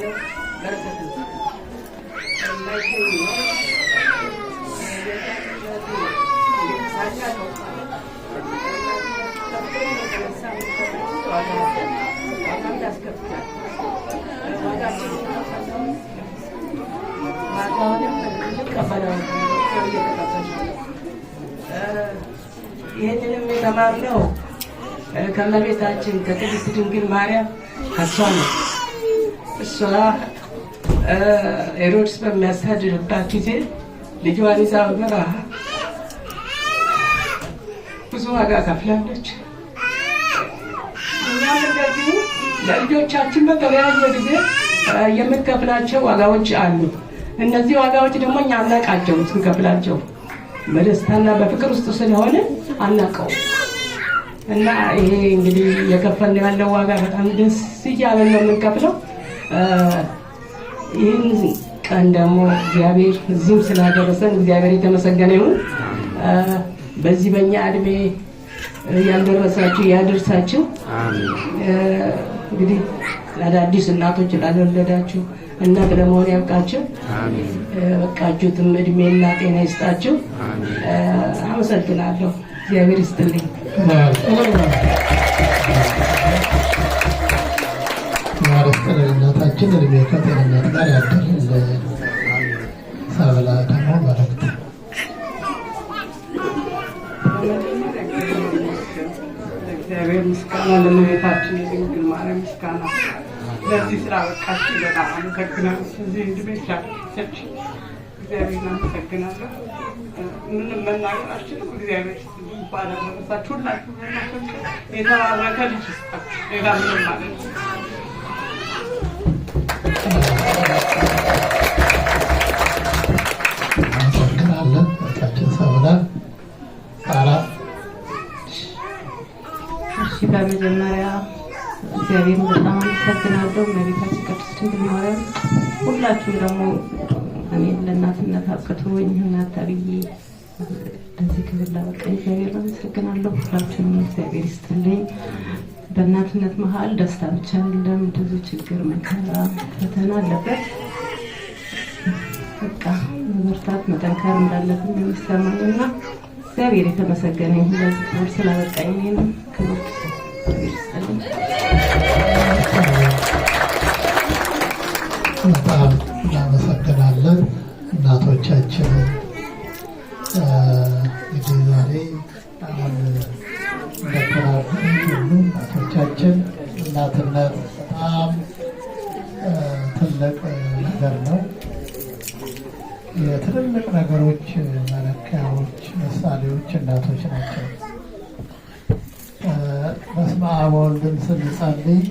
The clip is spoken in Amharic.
ይህንንም የተማርነው ከእመቤታችን ከቅድስት ድንግል ማርያም ከሷ ነው። እሷ ሄሮድስ በሚያሳድርባት ጊዜ ልጇን ይዛ በበረሃ ብዙ ዋጋ ከፍላለች። እኛም እንደዚሁ ለልጆቻችን በተለያየ ጊዜ የምንከፍላቸው ዋጋዎች አሉ። እነዚህ ዋጋዎች ደግሞ እኛ አናቃቸው። ስንከፍላቸው በደስታና በፍቅር ውስጥ ስለሆነ አናቀው እና ይሄ እንግዲህ የከፈልነው ያለው ዋጋ በጣም ደስ እያለን ነው የምንከፍለው። ይህን ቀን ደግሞ እግዚአብሔር እዚህም ስላደረሰን እግዚአብሔር የተመሰገነ ይሁን። በዚህ በእኛ እድሜ ያልደረሳችሁ ያደርሳችሁ። እንግዲህ ለአዳዲስ እናቶች ላልወለዳችሁ እናት ለመሆን ያብቃችሁ። በቃችሁትም እድሜና ጤና ይስጣችሁ። አመሰግናለሁ። እግዚአብሔር ይስጥልኝ። Gindermeye kadarından dayanların da sağlığa tam olarak da. እግዚአብሔር ምስጋና ለመቤታችን የድንግል ማርያም ምስጋና ለዚህ ስራ በቃችን በጣም አመሰግናለሁ። እዚህ እንድቤቻ ሰች እግዚአብሔር አመሰግናለሁ። ምንም መናገራችንም እግዚአብሔር ይባላል። ሁላችሁ የተባረከ ልጅ ሌላ ምንም ማለት ነው። እጅግ በመጀመሪያ እግዚአብሔርን በጣም አመሰግናለሁ። እመቤታችን ቅድስት ድንግል ማርያም ሁላችሁም ደግሞ እኔን ለእናትነት አብቅቶኝ እናት ተብዬ ለዚህ ክብር ላበቃኝ እግዚአብሔር አመሰግናለሁ። ሁላችሁንም እግዚአብሔር ይስጥልኝ። በእናትነት መሀል ደስታ ብቻ የለም፣ ብዙ ችግር፣ መከራ፣ ፈተና አለበት። በቃ መበርታት መጠንከር እንዳለብን የሚሰማኝ እና እግዚአብሔር የተመሰገነ ይሁን ለዚህ ክብር ይህን ክብር በጣም እናመሰግናለን እናቶቻችን። እንግዲህ ዛሬ ሁሉ እናቶቻችን እናትነት በጣም ትልቅ ነገር ነው። የትልልቅ ነገሮች ምሳሌዎች እናቶች ናቸው። በስመ አብ ወወልድ ስንጸልይ